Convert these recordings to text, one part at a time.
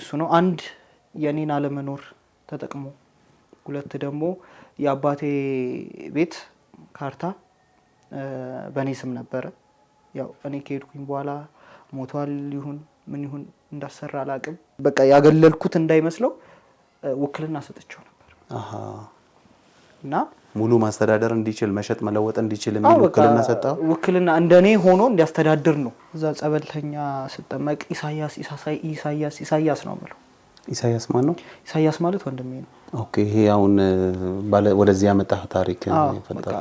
እሱ ነው አንድ የኔን አለመኖር ተጠቅሞ፣ ሁለት ደግሞ የአባቴ ቤት ካርታ በእኔ ስም ነበረ። ያው እኔ ከሄድኩኝ በኋላ ሞቷል ይሁን ምን ይሁን እንዳሰራ አላቅም። በቃ ያገለልኩት እንዳይመስለው ውክልና ሰጥቸው ነበር። እና ሙሉ ማስተዳደር እንዲችል መሸጥ መለወጥ እንዲችል የሚል ውክልና ሰጠው። ውክልና እንደኔ ሆኖ እንዲያስተዳድር ነው። እዛ ጸበልተኛ ስጠመቅ ኢሳያስ ኢሳያስ ኢሳያስ ነው የምለው። ኢሳያስ ማን ነው? ኢሳያስ ማለት ወንድሜ ነው። ኦኬ ይሄ አሁን ወደዚህ ያመጣህ ታሪክ ፈጠረ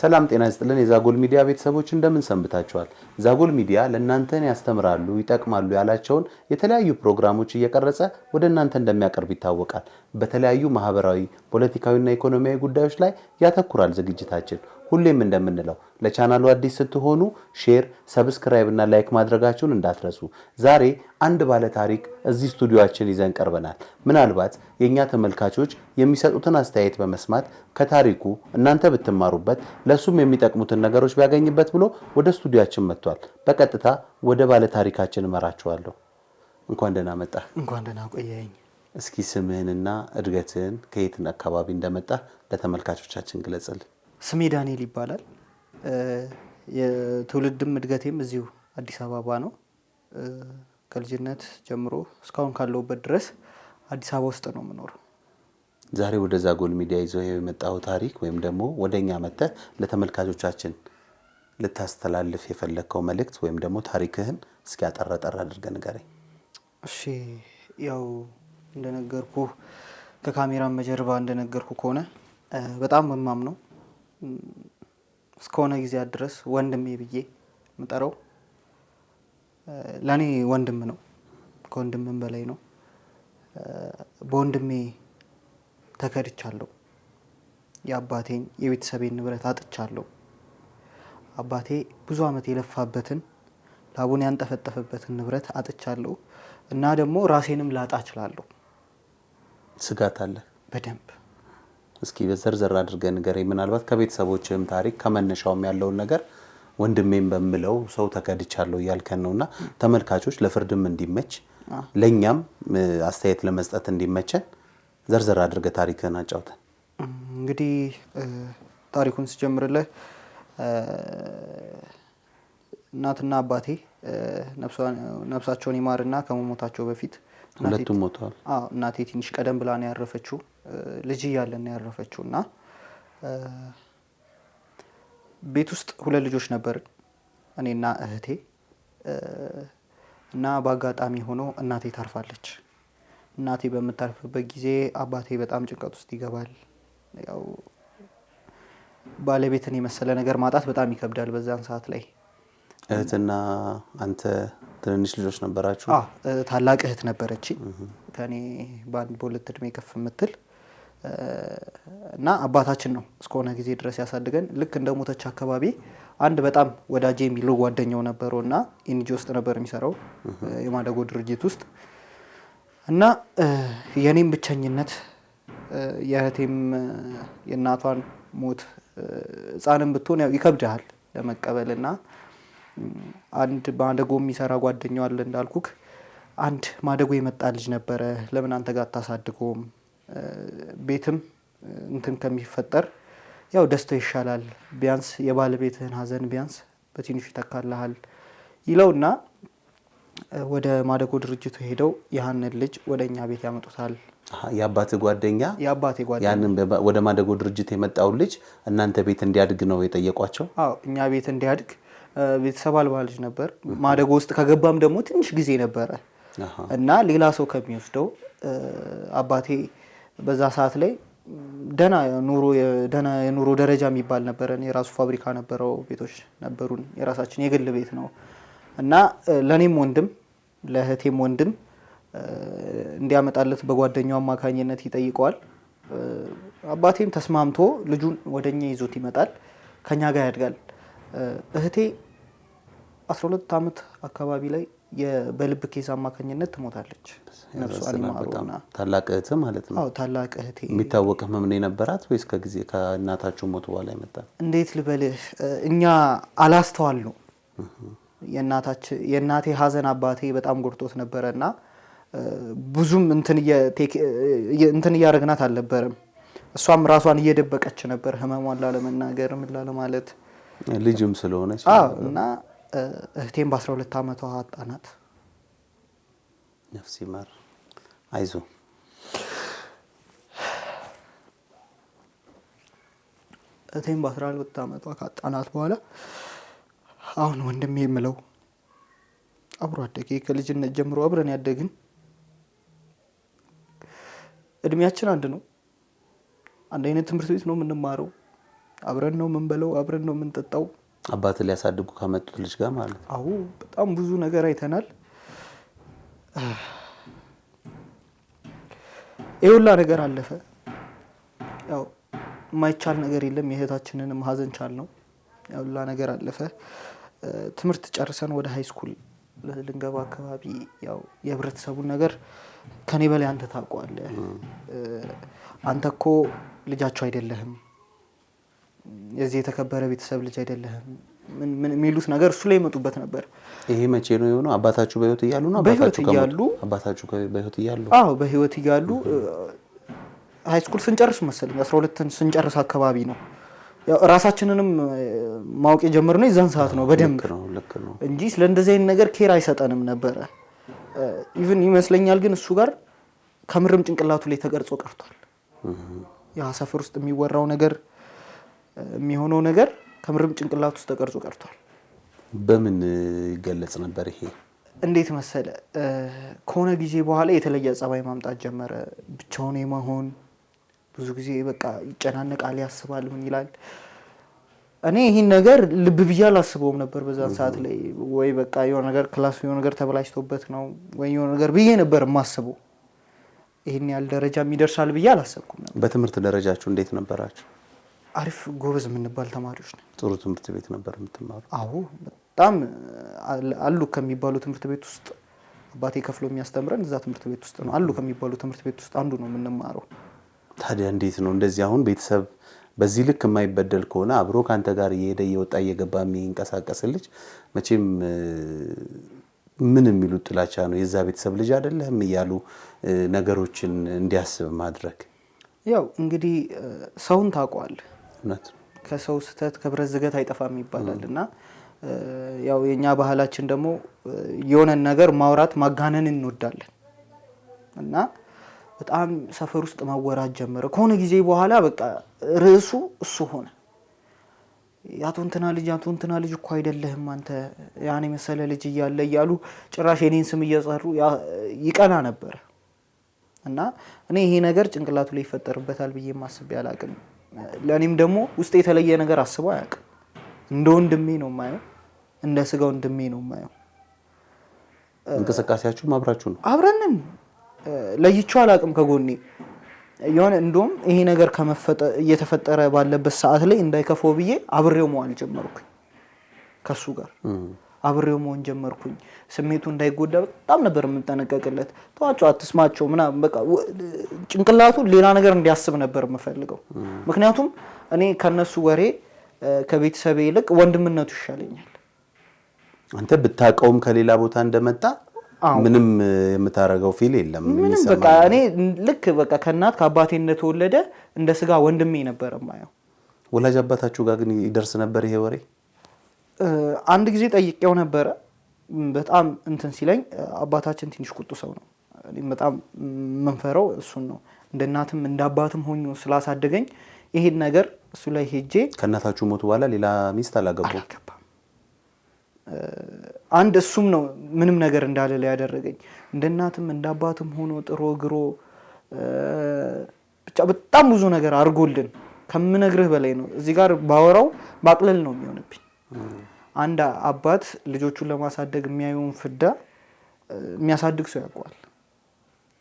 ሰላም ጤና ይስጥልን የዛጎል ሚዲያ ቤተሰቦች እንደምን ሰንብታችኋል? ዛጎል ሚዲያ ለእናንተን ያስተምራሉ፣ ይጠቅማሉ ያላቸውን የተለያዩ ፕሮግራሞች እየቀረጸ ወደ እናንተ እንደሚያቀርብ ይታወቃል። በተለያዩ ማህበራዊ፣ ፖለቲካዊና ኢኮኖሚያዊ ጉዳዮች ላይ ያተኩራል ዝግጅታችን። ሁሌም እንደምንለው ለቻናሉ አዲስ ስትሆኑ ሼር፣ ሰብስክራይብ እና ላይክ ማድረጋችሁን እንዳትረሱ። ዛሬ አንድ ባለ ታሪክ እዚህ ስቱዲዮችን ይዘን ቀርበናል። ምናልባት የእኛ ተመልካቾች የሚሰጡትን አስተያየት በመስማት ከታሪኩ እናንተ ብትማሩበት ለእሱም የሚጠቅሙትን ነገሮች ቢያገኝበት ብሎ ወደ ስቱዲዮችን መጥቷል። በቀጥታ ወደ ባለ ታሪካችን እመራችኋለሁ። እንኳን ደህና መጣህ። እንኳን ደህና ቆየኝ። እስኪ ስምህንና እድገትህን ከየትን አካባቢ እንደመጣ ለተመልካቾቻችን ግለጽልን። ስሜ ዳንኤል ይባላል። የትውልድም እድገቴም እዚሁ አዲስ አበባ ነው። ከልጅነት ጀምሮ እስካሁን ካለውበት ድረስ አዲስ አበባ ውስጥ ነው የምኖረው። ዛሬ ወደዛ ጎል ሚዲያ ይዞ የመጣው ታሪክ ወይም ደግሞ ወደ እኛ መጥተህ ለተመልካቾቻችን ልታስተላልፍ የፈለግከው መልእክት ወይም ደግሞ ታሪክህን እስኪ አጠር አድርገህ ንገረኝ። እሺ፣ ያው እንደነገርኩ ከካሜራም መጀርባ እንደነገርኩ ከሆነ በጣም መማም ነው እስከሆነ ጊዜያት ድረስ ወንድሜ ብዬ ምጠረው ለእኔ ወንድም ነው፣ ከወንድምም በላይ ነው። በወንድሜ ተከድቻለሁ። የአባቴን የቤተሰቤን ንብረት አጥቻለሁ። አባቴ ብዙ ዓመት የለፋበትን ላቡን ያንጠፈጠፈበትን ንብረት አጥቻለሁ እና ደግሞ ራሴንም ላጣ እችላለሁ። ስጋት አለ በደንብ እስኪ በዘርዘር አድርገህ ንገረኝ። ምናልባት ከቤተሰቦችም ታሪክ ከመነሻውም ያለውን ነገር ወንድሜም በምለው ሰው ተከድቻለሁ እያልከን ነው እና ተመልካቾች ለፍርድም እንዲመች ለእኛም አስተያየት ለመስጠት እንዲመቸን ዘርዘር አድርገህ ታሪክህን አጫውተን። እንግዲህ ታሪኩን ስጀምርልህ እናትና አባቴ ነፍሳቸውን ይማርና ከመሞታቸው በፊት ሁለቱም ሞተዋል። እናቴ ትንሽ ቀደም ብላ ነው ያረፈችው። ልጅ እያለን ያረፈችው እና ቤት ውስጥ ሁለት ልጆች ነበር እኔና እህቴ እና በአጋጣሚ ሆኖ እናቴ ታርፋለች። እናቴ በምታርፍበት ጊዜ አባቴ በጣም ጭንቀት ውስጥ ይገባል። ያው ባለቤትን የመሰለ ነገር ማጣት በጣም ይከብዳል በዛን ሰዓት ላይ። እህትና አንተ ትንንሽ ልጆች ነበራችሁ? ታላቅ እህት ነበረች ከኔ በአንድ በሁለት እድሜ ከፍ የምትል እና አባታችን ነው እስከሆነ ጊዜ ድረስ ያሳድገን። ልክ እንደ ሞተች አካባቢ አንድ በጣም ወዳጅ የሚለው ጓደኛው ነበረው እና ኢንጂ ውስጥ ነበር የሚሰራው የማደጎ ድርጅት ውስጥ እና የእኔም ብቸኝነት የእህቴም የእናቷን ሞት ህፃንም ብትሆን ያው ይከብድሃል ለመቀበል እና አንድ ማደጎ የሚሰራ ጓደኛው አለ እንዳልኩክ አንድ ማደጎ የመጣ ልጅ ነበረ ለምን አንተ ጋር አታሳድገውም ቤትም እንትን ከሚፈጠር ያው ደስታው ይሻላል፣ ቢያንስ የባለቤትህን ሀዘን ቢያንስ በትንሹ ይተካልሃል ይለውና ወደ ማደጎ ድርጅቱ ሄደው ያህንን ልጅ ወደ እኛ ቤት ያመጡታል። የአባት ጓደኛ የአባቴ ጓደኛ ያንን ወደ ማደጎ ድርጅት የመጣውን ልጅ እናንተ ቤት እንዲያድግ ነው የጠየቋቸው? አዎ እኛ ቤት እንዲያድግ ቤተሰብ አልባ ልጅ ነበር። ማደጎ ውስጥ ከገባም ደግሞ ትንሽ ጊዜ ነበረ እና ሌላ ሰው ከሚወስደው አባቴ በዛ ሰዓት ላይ ደና ኑሮ ደና የኑሮ ደረጃ የሚባል ነበረን። የራሱ ፋብሪካ ነበረው፣ ቤቶች ነበሩን፣ የራሳችን የግል ቤት ነው እና ለእኔም ወንድም ለእህቴም ወንድም እንዲያመጣለት በጓደኛው አማካኝነት ይጠይቀዋል። አባቴም ተስማምቶ ልጁን ወደኛ ይዞት ይመጣል፣ ከኛ ጋር ያድጋል። እህቴ 12 ዓመት አካባቢ ላይ በልብ ኬስ አማካኝነት ትሞታለች። ታላቅ ማለት ነው? ታላቅ እህቴ። የሚታወቅ ህመም ነው የነበራት ወይስ ከጊዜ ከእናታችሁ ሞት በኋላ ይመጣል? እንዴት ልበልህ፣ እኛ አላስተዋል ነው። የእናቴ ሀዘን አባቴ በጣም ጎርቶት ነበረ እና ብዙም እንትን እያደረግናት አልነበረም። እሷም ራሷን እየደበቀች ነበር ህመሟን ላለመናገር ምን ላለማለት ልጅም ስለሆነች እና እህቴን በ12 ዓመቷ አጣናት። ነፍስ ይማር። አይዞ እህቴን በ12 ዓመቷ ካጣናት በኋላ አሁን ወንድሜ የምለው አብሮ አደጌ ከልጅነት ጀምሮ አብረን ያደግን እድሜያችን አንድ ነው። አንድ አይነት ትምህርት ቤት ነው የምንማረው። አብረን ነው የምንበለው፣ አብረን ነው የምንጠጣው። አባት ሊያሳድጉ ከመጡት ልጅ ጋር ማለት ነው። አዎ በጣም ብዙ ነገር አይተናል። ይህ ሁላ ነገር አለፈ። ያው የማይቻል ነገር የለም። የእህታችንንም ሀዘን ቻል ነው። ያው ሁላ ነገር አለፈ። ትምህርት ጨርሰን ወደ ሀይ ስኩል ልንገባ አካባቢ ያው የህብረተሰቡን ነገር ከኔ በላይ አንተ ታውቀዋለህ። አንተ እኮ ልጃቸው አይደለህም የዚህ የተከበረ ቤተሰብ ልጅ አይደለህም ምን የሚሉት ነገር እሱ ላይ ይመጡበት ነበር። ይሄ መቼ ነው የሆነው? አባታችሁ በህይወት እያሉ ነው? በህይወት እያሉ አባታችሁ በህይወት እያሉ? አዎ በህይወት እያሉ ሀይ ስኩል ስንጨርስ መሰለኝ አስራ ሁለትን ስንጨርስ አካባቢ ነው ራሳችንንም ማወቅ የጀመርነው የዛን ሰዓት ነው በደንብ እንጂ ስለ እንደዚህ አይነት ነገር ኬር አይሰጠንም ነበረ። ኢቭን ይመስለኛል ግን እሱ ጋር ከምርም ጭንቅላቱ ላይ ተቀርጾ ቀርቷል። ያ ሰፈር ውስጥ የሚወራው ነገር የሚሆነው ነገር ከምርም ጭንቅላት ውስጥ ተቀርጾ ቀርቷል። በምን ይገለጽ ነበር? ይሄ እንዴት መሰለ፣ ከሆነ ጊዜ በኋላ የተለየ ጸባይ ማምጣት ጀመረ። ብቻውን የመሆን ብዙ ጊዜ በቃ ይጨናነቃል፣ ያስባል፣ ምን ይላል። እኔ ይህን ነገር ልብ ብዬ አላስበውም ነበር በዛን ሰዓት ላይ። ወይ በቃ የሆነ ነገር ክላሱ የሆነ ነገር ተበላሽቶበት ነው ወይ የሆነ ነገር ብዬ ነበር የማስበው። ይህን ያህል ደረጃ የሚደርሳል ብዬ አላሰብኩም ነበር። በትምህርት ደረጃችሁ እንዴት ነበራችሁ? አሪፍ ጎበዝ የምንባል ተማሪዎች ነው። ጥሩ ትምህርት ቤት ነበር የምትማሩ? አዎ፣ በጣም አሉ ከሚባሉ ትምህርት ቤት ውስጥ አባቴ ከፍሎ የሚያስተምረን እዛ ትምህርት ቤት ውስጥ ነው። አሉ ከሚባሉ ትምህርት ቤት ውስጥ አንዱ ነው የምንማረው። ታዲያ እንዴት ነው እንደዚህ አሁን ቤተሰብ በዚህ ልክ የማይበደል ከሆነ አብሮ ከአንተ ጋር እየሄደ እየወጣ እየገባ የሚንቀሳቀስ ልጅ መቼም ምን የሚሉት ጥላቻ ነው የዛ ቤተሰብ ልጅ አይደለህም እያሉ ነገሮችን እንዲያስብ ማድረግ ያው እንግዲህ ሰውን ታውቀዋለህ እውነት ከሰው ስህተት ከብረት ዝገት አይጠፋም ይባላል እና ያው የእኛ ባህላችን ደግሞ የሆነን ነገር ማውራት ማጋነን እንወዳለን እና በጣም ሰፈር ውስጥ ማወራት ጀመረ። ከሆነ ጊዜ በኋላ በቃ ርዕሱ እሱ ሆነ። የአቶ እንትና ልጅ አቶ እንትና ልጅ እኮ አይደለህም አንተ ያን የመሰለ ልጅ እያለ እያሉ ጭራሽ የኔን ስም እየጠሩ ይቀና ነበረ እና እኔ ይሄ ነገር ጭንቅላቱ ላይ ይፈጠርበታል ብዬ ማስቤ አላቅም። ለእኔም ደግሞ ውስጥ የተለየ ነገር አስበው አያውቅም። እንደ ወንድሜ ነው የማየው፣ እንደ ስጋ ወንድሜ ነው የማየው። እንቅስቃሴያችሁም አብራችሁ ነው? አብረንን ለይቼው አላውቅም ከጎኔ የሆነ እንደውም ይሄ ነገር እየተፈጠረ ባለበት ሰዓት ላይ እንዳይከፈው ብዬ አብሬው መዋል ጀመርኩኝ ከሱ ጋር አብሬው መሆን ጀመርኩኝ። ስሜቱ እንዳይጎዳ በጣም ነበር የምጠነቀቅለት። ተዋቸው፣ አትስማቸው ምናምን በቃ ጭንቅላቱ ሌላ ነገር እንዲያስብ ነበር የምፈልገው። ምክንያቱም እኔ ከነሱ ወሬ ከቤተሰቤ ይልቅ ወንድምነቱ ይሻለኛል። አንተ ብታውቀውም ከሌላ ቦታ እንደመጣ ምንም የምታደርገው ፊል የለም። ምንም በቃ እኔ ልክ በቃ ከእናት ከአባቴ እንደተወለደ እንደ ስጋ ወንድሜ ነበረ ማየው። ወላጅ አባታችሁ ጋር ግን ይደርስ ነበር ይሄ ወሬ? አንድ ጊዜ ጠይቄው ነበረ። በጣም እንትን ሲለኝ አባታችን ትንሽ ቁጡ ሰው ነው። በጣም መንፈረው እሱን ነው። እንደ እናትም እንደ አባትም ሆኞ ስላሳደገኝ ይሄን ነገር እሱ ላይ ሄጄ ከእናታችሁ ሞቱ በኋላ ሌላ ሚስት አላገቡ አንድ እሱም ነው ምንም ነገር ላይ ያደረገኝ። እንደ እናትም እንደ አባትም ሆኖ ጥሮ ግሮ ብቻ በጣም ብዙ ነገር አድርጎልን ከምነግርህ በላይ ነው። እዚህ ጋር ባወራው ማቅለል ነው የሚሆንብኝ። አንድ አባት ልጆቹን ለማሳደግ የሚያየውን ፍዳ የሚያሳድግ ሰው ያውቀዋል።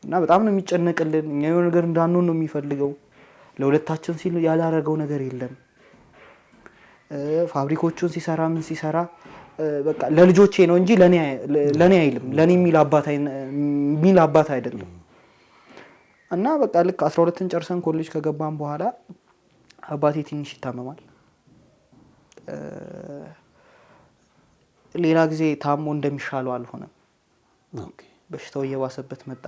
እና በጣም ነው የሚጨነቅልን። እኛ የሆነ ነገር እንዳንሆን ነው የሚፈልገው። ለሁለታችን ሲል ያላረገው ነገር የለም። ፋብሪኮቹን ሲሰራ ምን ሲሰራ በቃ ለልጆቼ ነው እንጂ ለእኔ አይልም። ለእኔ የሚል አባት አይደለም። እና በቃ ልክ አስራ ሁለትን ጨርሰን ኮሌጅ ከገባን በኋላ አባቴ ትንሽ ይታመማል። ሌላ ጊዜ ታሞ እንደሚሻለው አልሆነም። በሽታው እየባሰበት መጣ።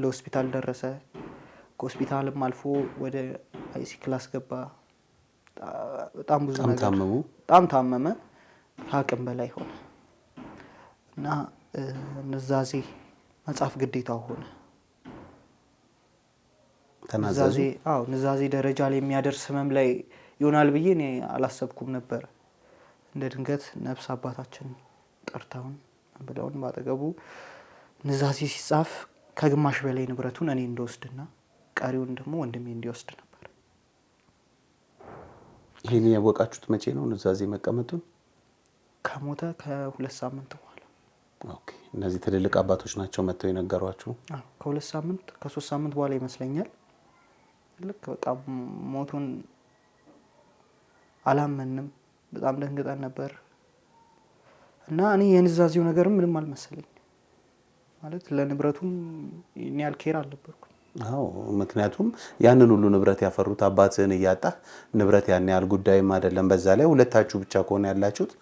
ለሆስፒታል ደረሰ። ከሆስፒታልም አልፎ ወደ አይሲ ክላስ ገባ። በጣም ብዙ በጣም ታመመ። ሀቅም በላይ ሆነ እና ኑዛዜ መጽሐፍ ግዴታ ሆነ። ኑዛዜ ደረጃ ላይ የሚያደርስ ህመም ላይ ይሆናል ብዬ እኔ አላሰብኩም ነበር። እንደ ድንገት ነፍስ አባታችን ጠርታውን ብለውን ባጠገቡ ንዛዜ ሲጻፍ ከግማሽ በላይ ንብረቱን እኔ እንደወስድና ቀሪውን ደግሞ ወንድሜ እንዲወስድ ነበር። ይህን ያወቃችሁት መቼ ነው? ንዛዜ መቀመጡን ከሞተ ከሁለት ሳምንት በኋላ። እነዚህ ትልልቅ አባቶች ናቸው መጥተው የነገሯችሁ? ከሁለት ሳምንት ከሶስት ሳምንት በኋላ ይመስለኛል። ልክ በቃ ሞቱን አላመንም። በጣም ደንግጠን ነበር እና እኔ የንዛዜው ነገርም ምንም አልመሰለኝ ማለት ለንብረቱም ያን ያህል ኬር አዎ ምክንያቱም ያንን ሁሉ ንብረት ያፈሩት አባትህን እያጣ ንብረት ያን ያህል ጉዳይም አይደለም። በዛ ላይ ሁለታችሁ ብቻ ከሆነ ያላችሁት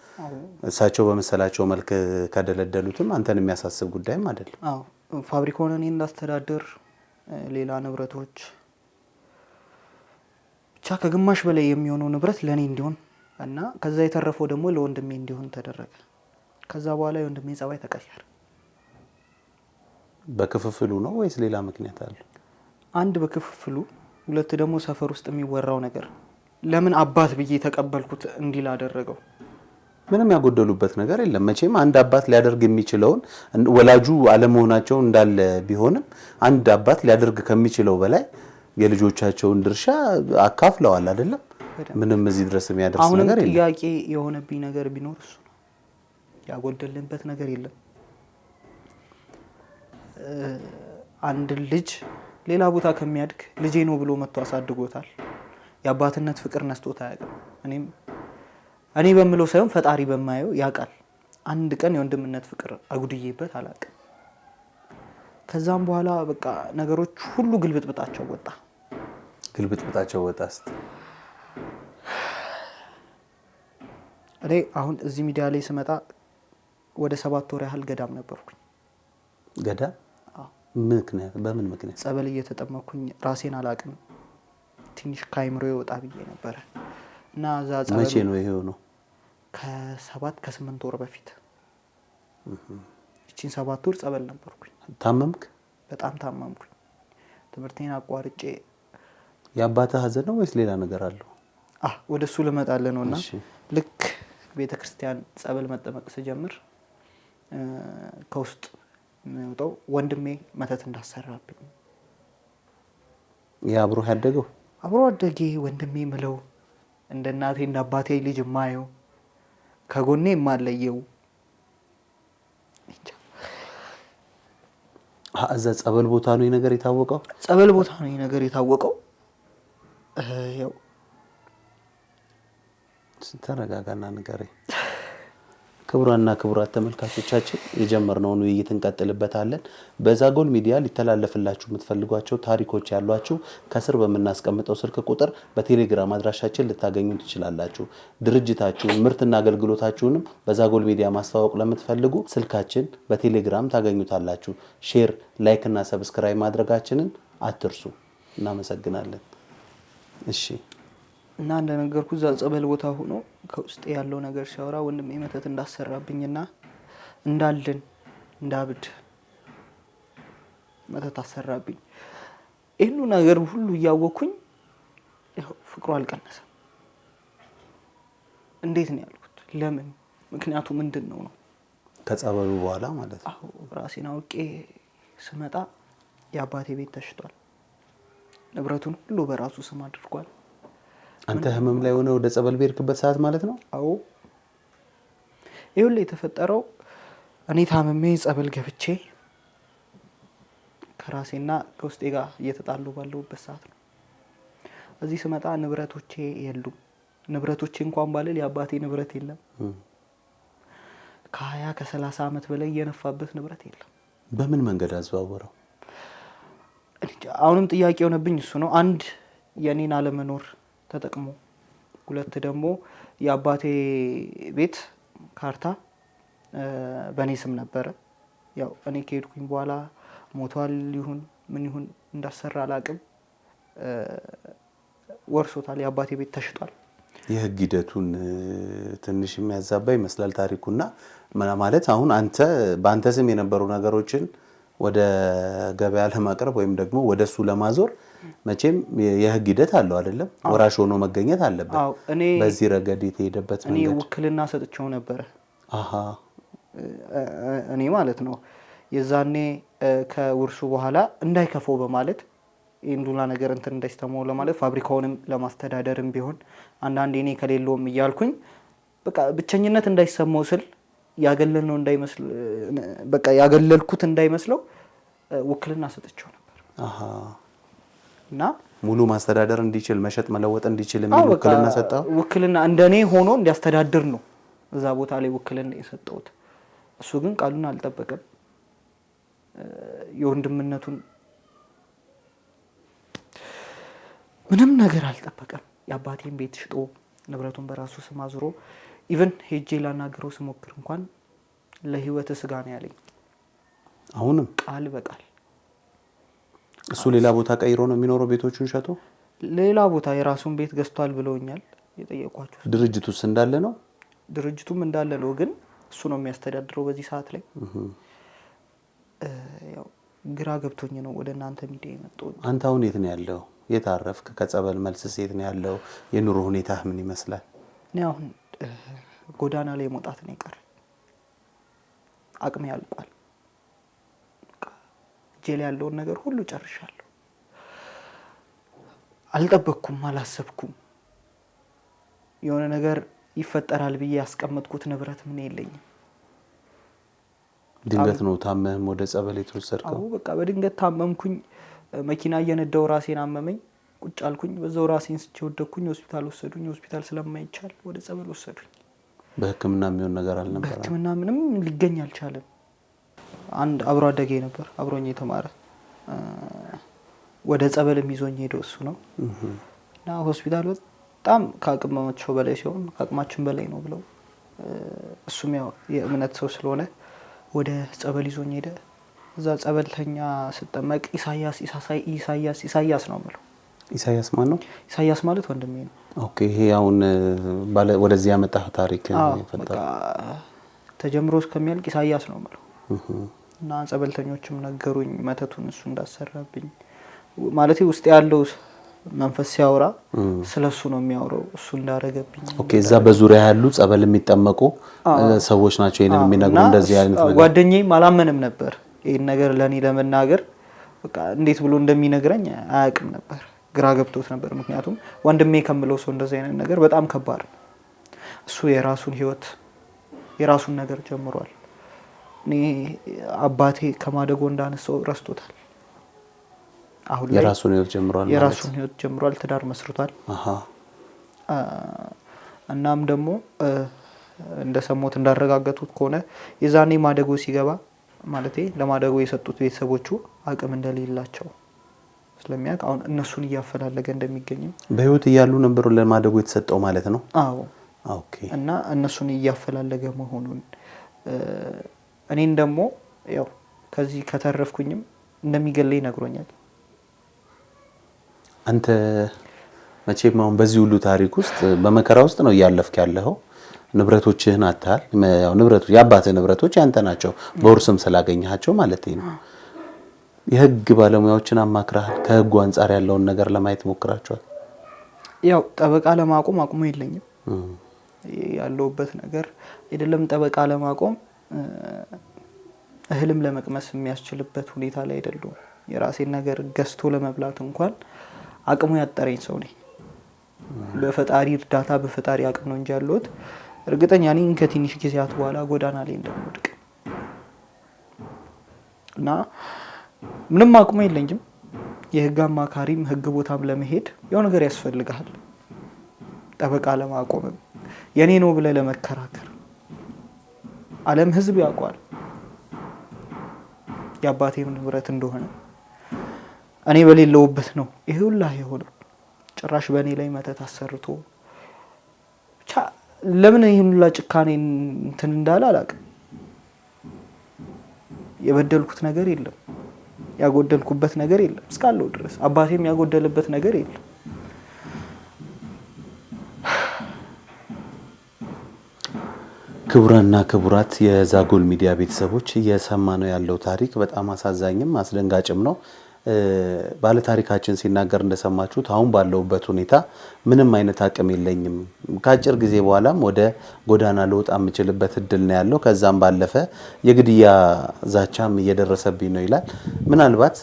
እሳቸው በመሰላቸው መልክ ከደለደሉትም አንተን የሚያሳስብ ጉዳይም አይደለም። ፋብሪካውን እኔ እንዳስተዳደር ሌላ ንብረቶች ብቻ ከግማሽ በላይ የሚሆነው ንብረት ለእኔ እንዲሆን እና ከዛ የተረፈው ደግሞ ለወንድሜ እንዲሆን ተደረገ። ከዛ በኋላ የወንድሜ ጸባይ ተቀየረ። በክፍፍሉ ነው ወይስ ሌላ ምክንያት አለ? አንድ በክፍፍሉ፣ ሁለት ደግሞ ሰፈር ውስጥ የሚወራው ነገር ለምን አባት ብዬ ተቀበልኩት እንዲል አደረገው። ምንም ያጎደሉበት ነገር የለም። መቼም አንድ አባት ሊያደርግ የሚችለውን ወላጁ አለመሆናቸው እንዳለ ቢሆንም አንድ አባት ሊያደርግ ከሚችለው በላይ የልጆቻቸውን ድርሻ አካፍለዋል አይደለም። ምንም እዚህ ድረስ የሚያደርስ ነገር የለም። ጥያቄ የሆነብኝ ነገር ቢኖር እሱ ነው። ያጎደልንበት ነገር የለም። አንድ ልጅ ሌላ ቦታ ከሚያድግ ልጄ ነው ብሎ መጥቶ አሳድጎታል። የአባትነት ፍቅር ነስቶት አያውቅም። እኔም እኔ በምለው ሳይሆን ፈጣሪ በማየው ያውቃል። አንድ ቀን የወንድምነት ፍቅር አጉድዬበት አላውቅም። ከዛም በኋላ በቃ ነገሮች ሁሉ ግልብጥብጣቸው ወጣ። ግልብጥብጣቸው ወጣ ስትል እኔ አሁን እዚህ ሚዲያ ላይ ስመጣ ወደ ሰባት ወር ያህል ገዳም ነበርኩኝ። ገዳም ምክንያት በምን ምክንያት ጸበል እየተጠመኩኝ ራሴን አላቅም ትንሽ ከአይምሮ ወጣ ብዬ ነበረ እና እዛ መቼ ነው ይሄው ነው ከሰባት ከስምንት ወር በፊት እቺን ሰባት ወር ጸበል ነበርኩኝ። ታመምክ? በጣም ታመምኩኝ። ትምህርቴን አቋርጬ የአባትህ ሀዘን ነው ወይስ ሌላ ነገር አለው? ወደ እሱ ልመጣለ ነው እና ልክ ቤተክርስቲያን ጸበል መጠመቅ ስጀምር ከውስጥ የሚወጣው ወንድሜ መተት እንዳሰራብኝ የአብሮ ያደገው አብሮ አደጌ ወንድሜ ምለው እንደ እናቴ እንደ አባቴ ልጅ የማየው ከጎኔ የማለየው እዛ ጸበል ቦታ ነው ነገር የታወቀው ጸበል ቦታ ነው ነገር የታወቀው ያው ተረጋጋና ንገረኝ። ክቡራንና ክቡራት ተመልካቾቻችን የጀመርነውን ውይይት እንቀጥልበታለን። በዛጎል ሚዲያ ሊተላለፍላችሁ የምትፈልጓቸው ታሪኮች ያሏችሁ ከስር በምናስቀምጠው ስልክ ቁጥር በቴሌግራም አድራሻችን ልታገኙ ትችላላችሁ። ድርጅታችሁን ምርትና አገልግሎታችሁንም በዛጎል ሚዲያ ማስተዋወቅ ለምትፈልጉ ስልካችን በቴሌግራም ታገኙታላችሁ። ሼር፣ ላይክ እና ሰብስክራይብ ማድረጋችንን አትርሱ። እናመሰግናለን። እሺ እና እንደነገርኩ እዛ ጸበል ቦታ ሆኖ ከውስጥ ያለው ነገር ሲያወራ ወንድሜ መተት እንዳሰራብኝና እንዳልን እንዳብድ መተት አሰራብኝ። ይህሉ ነገር ሁሉ እያወኩኝ ፍቅሩ አልቀነሰም። እንዴት ነው ያልኩት። ለምን ምክንያቱ ምንድን ነው ነው ከጸበሉ በኋላ ማለት ነው። ራሴን አውቄ ስመጣ የአባቴ ቤት ተሽጧል። ንብረቱን ሁሉ በራሱ ስም አድርጓል። አንተ ህመም ላይ ሆነ ወደ ጸበል በሄድክበት ሰዓት ማለት ነው? አዎ። ይህ ሁሉ የተፈጠረው እኔ ታምሜ ጸበል ገብቼ ከራሴና ከውስጤ ጋር እየተጣሉ ባለሁበት ሰዓት ነው። እዚህ ስመጣ ንብረቶቼ የሉም። ንብረቶቼ እንኳን ባልል የአባቴ ንብረት የለም። ከሀያ ከሰላሳ ዓመት በላይ የነፋበት ንብረት የለም። በምን መንገድ አዘዋወረው? አሁንም ጥያቄ የሆነብኝ እሱ ነው። አንድ የኔን አለመኖር ተጠቅሞ፣ ሁለት ደግሞ የአባቴ ቤት ካርታ በእኔ ስም ነበረ። ያው እኔ ከሄድኩኝ በኋላ ሞቷል ይሁን ምን ይሁን እንዳሰራ አላቅም፣ ወርሶታል። የአባቴ ቤት ተሽጧል። የህግ ሂደቱን ትንሽ የሚያዛባ ይመስላል ታሪኩና ማለት አሁን አንተ በአንተ ስም የነበሩ ነገሮችን ወደ ገበያ ለማቅረብ ወይም ደግሞ ወደ እሱ ለማዞር መቼም የህግ ሂደት አለው አይደለም። ወራሽ ሆኖ መገኘት አለበት። በዚህ ረገድ የተሄደበት እኔ ውክልና ሰጥቼው ነበረ እኔ ማለት ነው። የዛኔ ከውርሱ በኋላ እንዳይከፈው በማለት ኢንዱላ ነገር እንትን እንዳይስተመው ለማለት ፋብሪካውንም ለማስተዳደርም ቢሆን አንዳንዴ እኔ ከሌለውም እያልኩኝ በቃ ብቸኝነት እንዳይሰማው ስል ያገለልነው እንዳይመስል በቃ ያገለልኩት እንዳይመስለው ውክልና ሰጥቼው ነበር እና ሙሉ ማስተዳደር እንዲችል መሸጥ መለወጥ እንዲችል የሚል ውክልና ሰጠው። ውክልና እንደኔ ሆኖ እንዲያስተዳድር ነው እዛ ቦታ ላይ ውክልና የሰጠውት እሱ ግን ቃሉን አልጠበቀም። የወንድምነቱን ምንም ነገር አልጠበቀም። የአባቴን ቤት ሽጦ ንብረቱን በራሱ ስም አዙሮ ኢቨን ሄጄ ላናገረው ስሞክር እንኳን ለህይወት ስጋ ነው ያለኝ። አሁንም ቃል በቃል እሱ ሌላ ቦታ ቀይሮ ነው የሚኖረው። ቤቶቹን ሸጦ ሌላ ቦታ የራሱን ቤት ገዝቷል ብለውኛል የጠየቋቸው። ድርጅቱስ እንዳለ ነው? ድርጅቱም እንዳለ ነው፣ ግን እሱ ነው የሚያስተዳድረው በዚህ ሰዓት ላይ ያው ግራ ገብቶኝ ነው ወደ እናንተ ሚዲያ የመጡ አንተ አሁን የት ነው ያለው? የታረፍክ ከጸበል መልስስ የት ነው ያለው? የኑሮ ሁኔታ ምን ይመስላል? እኔ አሁን ጎዳና ላይ መውጣት ነው ይቀር አቅም ያልቋል። እጄ ያለውን ነገር ሁሉ ጨርሻለሁ። አልጠበቅኩም፣ አላሰብኩም። የሆነ ነገር ይፈጠራል ብዬ ያስቀመጥኩት ንብረት ምን የለኝም። ድንገት ነው ታመህም ወደ ጸበል የተወሰድከው? በቃ በድንገት ታመምኩኝ። መኪና እየነዳው ራሴን አመመኝ። ቁጭ አልኩኝ። በዛው ራሴን ስቼ ወደኩኝ። ሆስፒታል ወሰዱኝ። ሆስፒታል ስለማይቻል ወደ ጸበል ወሰዱኝ። በህክምና የሚሆን ነገር አልነበረ። በህክምና ምንም ሊገኝ አልቻለም። አንድ አብሮ አደጌ ነበር አብሮኝ የተማረ ወደ ጸበል የሚዞኝ ሄደው እሱ ነው እና ሆስፒታል በጣም ከአቅማቸው በላይ ሲሆን ከአቅማችን በላይ ነው ብለው እሱም ያው የእምነት ሰው ስለሆነ ወደ ጸበል ይዞኝ ሄደ። እዛ ጸበልተኛ ስጠመቅ ኢሳያስ ኢሳያስ ኢሳያስ ነው ምለው ኢሳያስ ማን ነው? ኢሳያስ ማለት ወንድሜ ነው። ኦኬ ይሄ አሁን ወደዚህ ያመጣ ታሪክ ተጀምሮ እስከሚያልቅ ኢሳያስ ነው የምለው እና ጸበልተኞችም ነገሩኝ መተቱን እሱ እንዳሰራብኝ ማለት ውስጥ ያለው መንፈስ ሲያወራ ስለ እሱ ነው የሚያወራው። እሱ እንዳረገብኝ እዛ በዙሪያ ያሉ ጸበል የሚጠመቁ ሰዎች ናቸው ይህንን የሚነግሩ። እንደዚህ አይነት ነገር ጓደኛዬም አላመንም ነበር። ይህን ነገር ለእኔ ለመናገር እንዴት ብሎ እንደሚነግረኝ አያውቅም ነበር። ግራ ገብቶት ነበር። ምክንያቱም ወንድሜ ከምለው ሰው እንደዚህ አይነት ነገር በጣም ከባድ ነው። እሱ የራሱን ህይወት የራሱን ነገር ጀምሯል። እኔ አባቴ ከማደጎ እንዳነሳው ረስቶታል። አሁን የራሱን ህይወት ጀምሯል። የራሱን ህይወት ጀምሯል። ትዳር መስርቷል። እናም ደግሞ እንደሰሞት እንዳረጋገጡት ከሆነ የዛኔ ማደጎ ሲገባ ማለት ለማደጎ የሰጡት ቤተሰቦቹ አቅም እንደሌላቸው ስለሚያውቅ አሁን እነሱን እያፈላለገ እንደሚገኝም በህይወት እያሉ ነበሩ ለማደጉ የተሰጠው ማለት ነው። አዎ እና እነሱን እያፈላለገ መሆኑን እኔን ደግሞ ያው ከዚህ ከተረፍኩኝም እንደሚገለኝ ነግሮኛል። አንተ መቼም አሁን በዚህ ሁሉ ታሪክ ውስጥ በመከራ ውስጥ ነው እያለፍክ ያለኸው። ንብረቶችህን አታል ንብረቶች የአባትህ ንብረቶች ያንተ ናቸው፣ በውርስም ስላገኘሃቸው ማለት ነው። የህግ ባለሙያዎችን አማክረሃል? ከህጉ አንጻር ያለውን ነገር ለማየት ሞክራቸዋል? ያው ጠበቃ ለማቆም አቁሙ የለኝም ያለውበት ነገር አይደለም። ጠበቃ ለማቆም እህልም ለመቅመስ የሚያስችልበት ሁኔታ ላይ አይደሉም። የራሴን ነገር ገዝቶ ለመብላት እንኳን አቅሙ ያጠረኝ ሰው ነኝ። በፈጣሪ እርዳታ በፈጣሪ አቅም ነው እንጂ ያለሁት እርግጠኛ ነኝ ከትንሽ ጊዜያት በኋላ ጎዳና ላይ እንደምወድቅ እና ምንም አቅሙ የለኝም። የህግ አማካሪም ህግ ቦታም ለመሄድ የሆነ ነገር ያስፈልግሃል። ጠበቃ ለማቆምም የኔ ነው ብለህ ለመከራከር ዓለም ህዝብ ያውቋል የአባቴም ንብረት እንደሆነ እኔ በሌለውበት ነው ይሄ ሁላ የሆነው። ጭራሽ በእኔ ላይ መተት አሰርቶ ብቻ ለምን ይህን ሁላ ጭካኔ እንትን እንዳለ አላውቅም። የበደልኩት ነገር የለም። ያጎደልኩበት ነገር የለም እስካለው ድረስ አባቴም ያጎደልበት ነገር የለም። ክቡራንና ክቡራት የዛጎል ሚዲያ ቤተሰቦች እየሰማ ነው ያለው ታሪክ በጣም አሳዛኝም አስደንጋጭም ነው። ባለታሪካችን ሲናገር እንደሰማችሁት አሁን ባለውበት ሁኔታ ምንም አይነት አቅም የለኝም፣ ከአጭር ጊዜ በኋላም ወደ ጎዳና ልወጣ የምችልበት እድል ነው ያለው፣ ከዛም ባለፈ የግድያ ዛቻም እየደረሰብኝ ነው ይላል። ምናልባት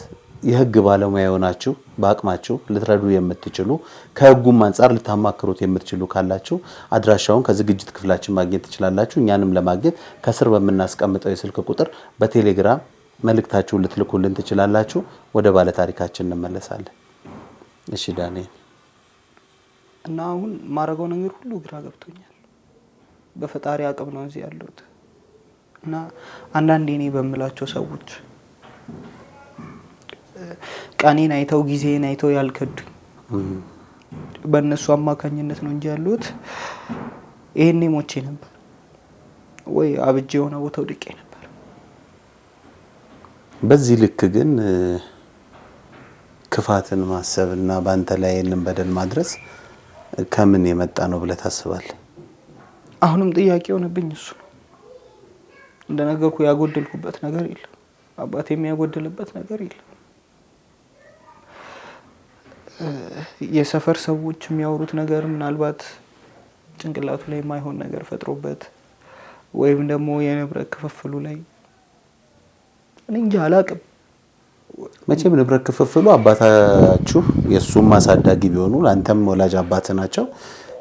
የህግ ባለሙያ የሆናችሁ በአቅማችሁ ልትረዱ የምትችሉ ከህጉም አንጻር ልታማክሩት የምትችሉ ካላችሁ አድራሻውን ከዝግጅት ክፍላችን ማግኘት ትችላላችሁ። እኛንም ለማግኘት ከስር በምናስቀምጠው የስልክ ቁጥር በቴሌግራም መልእክታችሁን ልትልኩልን ትችላላችሁ። ወደ ባለታሪካችን እንመለሳለን። እሺ ዳንኤል እና አሁን ማድረገው ነገር ሁሉ ግራ ገብቶኛል። በፈጣሪ አቅም ነው እዚህ ያለሁት እና አንዳንዴ እኔ በምላቸው ሰዎች ቀኔን አይተው ጊዜን አይተው ያልከዱኝ በእነሱ አማካኝነት ነው እንጂ ያሉት ይህኔ ሞቼ ነበር ወይ አብጄ የሆነ ቦታ ውድቄ ነበር። በዚህ ልክ ግን ክፋትን ማሰብ እና በአንተ ላይ ይህንን በደል ማድረስ ከምን የመጣ ነው ብለህ ታስባለህ? አሁንም ጥያቄ የሆነብኝ እሱ ነው። እንደነገርኩ ያጎደልኩበት ነገር የለም። አባት የሚያጎደልበት ነገር የለም። የሰፈር ሰዎች የሚያወሩት ነገር ምናልባት ጭንቅላቱ ላይ የማይሆን ነገር ፈጥሮበት ወይም ደግሞ የንብረት ክፍፍሉ ላይ እኔ እንጃ አላቅም። መቼም ንብረት ክፍፍሉ አባታችሁ የእሱም አሳዳጊ ቢሆኑ ለአንተም ወላጅ አባት ናቸው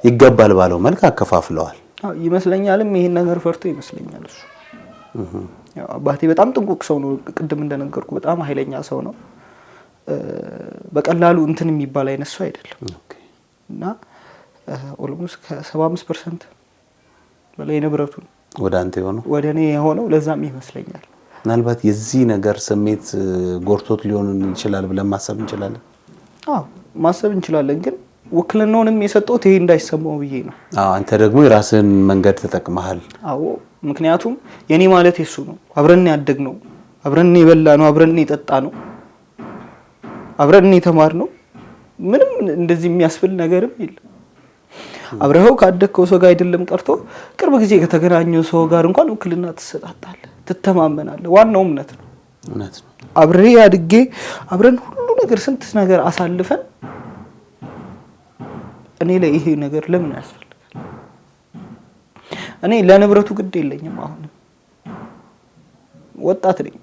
ይገባል ባለው መልክ አከፋፍለዋል ይመስለኛልም። ይሄን ነገር ፈርቶ ይመስለኛል እሱ አባቴ በጣም ጥንቁቅ ሰው ነው። ቅድም እንደነገርኩ በጣም ኃይለኛ ሰው ነው። በቀላሉ እንትን የሚባል አይነት ሰው አይደለም እና ኦልሞስት ከ75 ፐርሰንት በላይ ንብረቱን ወደ አንተ የሆነው ወደ እኔ የሆነው ለዛም ይመስለኛል ምናልባት የዚህ ነገር ስሜት ጎርቶት ሊሆን ይችላል ብለን ማሰብ እንችላለን። አዎ ማሰብ እንችላለን። ግን ውክልናውንም የሰጠሁት ይሄ እንዳይሰማው ብዬ ነው። አንተ ደግሞ የራስህን መንገድ ተጠቅመሃል። አዎ ምክንያቱም የኔ ማለት የሱ ነው። አብረን ያደግ ነው፣ አብረን የበላ ነው፣ አብረን የጠጣ ነው፣ አብረን የተማር ነው። ምንም እንደዚህ የሚያስብል ነገርም የለም። አብረኸው ካደግከው ሰው ጋር አይደለም ቀርቶ ቅርብ ጊዜ ከተገናኘው ሰው ጋር እንኳን ውክልና ትሰጣጣለህ። ትተማመናለህ። ዋናው እምነት ነው። እውነት ነው። አብሬ አድጌ አብረን ሁሉ ነገር ስንት ነገር አሳልፈን እኔ ላይ ይሄ ነገር ለምን ያስፈልጋል? እኔ ለንብረቱ ግድ የለኝም። አሁን ወጣት ነኝ።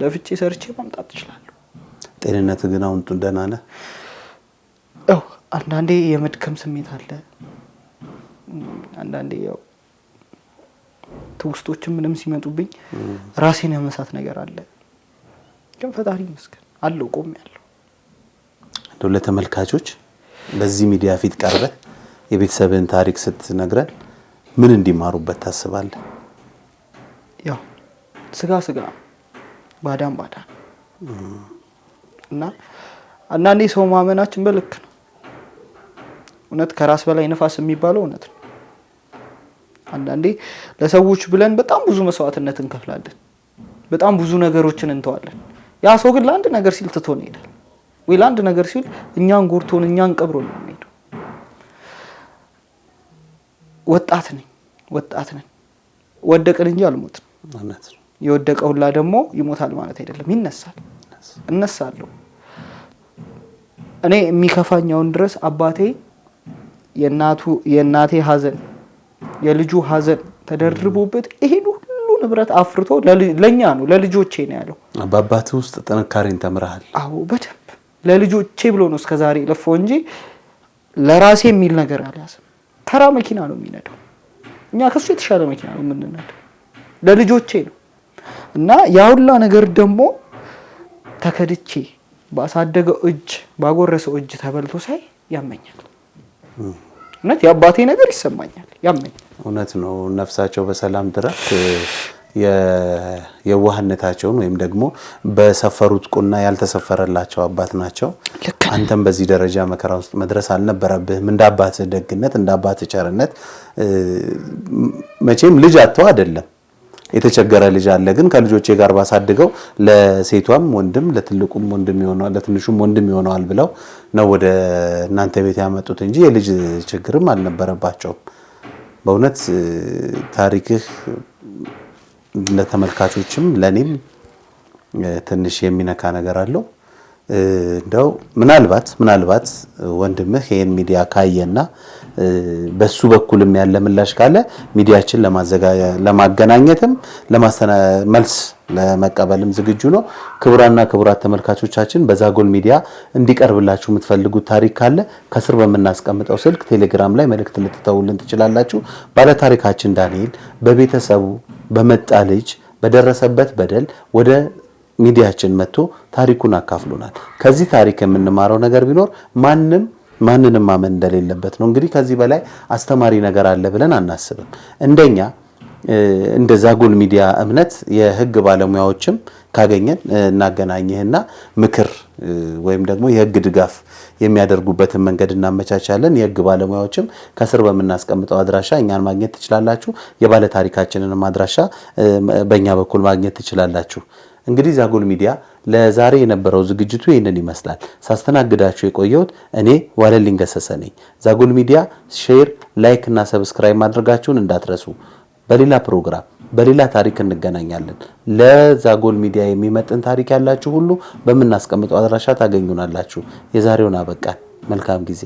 ለፍቼ ሰርቼ ማምጣት እችላለሁ። ጤንነት ግን አሁን ደህና ነህ? አንዳንዴ የመድከም ስሜት አለ። አንዳንዴ ያው ትውስቶች ምንም ሲመጡብኝ ራሴን ያመሳት ነገር አለ። ግን ፈጣሪ ይመስገን አለው ቆም ያለው እንደው ለተመልካቾች በዚህ ሚዲያ ፊት ቀርበህ የቤተሰብን ታሪክ ስትነግረን ምን እንዲማሩበት ታስባለህ? ያው ስጋ ስጋ ባዳን ባዳ እና አንዳንዴ ሰው ማመናችን በልክ ነው። እውነት ከራስ በላይ ነፋስ የሚባለው እውነት ነው። አንዳንዴ ለሰዎች ብለን በጣም ብዙ መስዋዕትነት እንከፍላለን። በጣም ብዙ ነገሮችን እንተዋለን። ያ ሰው ግን ለአንድ ነገር ሲል ትቶን ይሄዳል። ወይ ለአንድ ነገር ሲል እኛን ጎርቶን እኛን ቀብሮ ነው የሚሄደው። ወጣት ነኝ ወጣት ነን። ወደቅን እንጂ አልሞትም። የወደቀ ሁላ ደግሞ ይሞታል ማለት አይደለም፣ ይነሳል። እነሳለሁ። እኔ የሚከፋኝ አሁን ድረስ አባቴ የእናቱ የእናቴ ሀዘን የልጁ ሀዘን ተደርቦበት ይሄን ሁሉ ንብረት አፍርቶ ለእኛ ነው ለልጆቼ ነው ያለው። በአባት ውስጥ ጥንካሬን ተምረሃል? አዎ በደንብ ለልጆቼ ብሎ ነው እስከዛሬ ለፎ እንጂ ለራሴ የሚል ነገር አልያዝም። ተራ መኪና ነው የሚነደው። እኛ ከሱ የተሻለ መኪና ነው የምንነደው፣ ለልጆቼ ነው እና ያ ሁላ ነገር ደግሞ ተከድቼ ባሳደገው እጅ ባጎረሰው እጅ ተበልቶ ሳይ ያመኛል። እውነት የአባቴ ነገር ይሰማኛል፣ ያመኝ እውነት ነው። ነፍሳቸው በሰላም ትረፍ የዋህነታቸውን ወይም ደግሞ በሰፈሩት ቁና ያልተሰፈረላቸው አባት ናቸው። አንተም በዚህ ደረጃ መከራ ውስጥ መድረስ አልነበረብህም። እንደ አባት ደግነት፣ እንደ አባት ቸርነት መቼም ልጅ አጥተው አይደለም የተቸገረ ልጅ አለ። ግን ከልጆቼ ጋር ባሳድገው ለሴቷም ወንድም ለትልቁም ወንድም ይሆናል ለትንሹም ወንድም ይሆነዋል ብለው ነው ወደ እናንተ ቤት ያመጡት እንጂ የልጅ ችግርም አልነበረባቸውም። በእውነት ታሪክህ ለተመልካቾችም ለእኔም ትንሽ የሚነካ ነገር አለው። እንደው ምናልባት ምናልባት ወንድምህ ይህን ሚዲያ ካየና በሱ በኩልም ያለ ምላሽ ካለ ሚዲያችን ለማገናኘትም መልስ ለመቀበልም ዝግጁ ነው። ክቡራና ክቡራት ተመልካቾቻችን በዛጎል ሚዲያ እንዲቀርብላችሁ የምትፈልጉት ታሪክ ካለ ከስር በምናስቀምጠው ስልክ ቴሌግራም ላይ መልእክት ልትተውልን ትችላላችሁ። ባለታሪካችን ዳንኤል በቤተሰቡ በመጣ ልጅ በደረሰበት በደል ወደ ሚዲያችን መጥቶ ታሪኩን አካፍሉናል። ከዚህ ታሪክ የምንማረው ነገር ቢኖር ማንም ማንንም ማመን እንደሌለበት ነው። እንግዲህ ከዚህ በላይ አስተማሪ ነገር አለ ብለን አናስብም። እንደኛ እንደ ዛጎል ሚዲያ እምነት የህግ ባለሙያዎችም ካገኘን እናገናኝህና ምክር ወይም ደግሞ የህግ ድጋፍ የሚያደርጉበትን መንገድ እናመቻቻለን። የህግ ባለሙያዎችም ከስር በምናስቀምጠው አድራሻ እኛን ማግኘት ትችላላችሁ። የባለታሪካችንን አድራሻ በእኛ በኩል ማግኘት ትችላላችሁ። እንግዲህ ዛጎል ሚዲያ ለዛሬ የነበረው ዝግጅቱ ይህንን ይመስላል። ሳስተናግዳችሁ የቆየሁት እኔ ዋለልኝ ገሰሰ ነኝ። ዛጉል ሚዲያ ሼር፣ ላይክ እና ሰብስክራይብ ማድረጋችሁን እንዳትረሱ። በሌላ ፕሮግራም በሌላ ታሪክ እንገናኛለን። ለዛጎል ሚዲያ የሚመጥን ታሪክ ያላችሁ ሁሉ በምናስቀምጠው አድራሻ ታገኙናላችሁ። የዛሬውን አበቃን። መልካም ጊዜ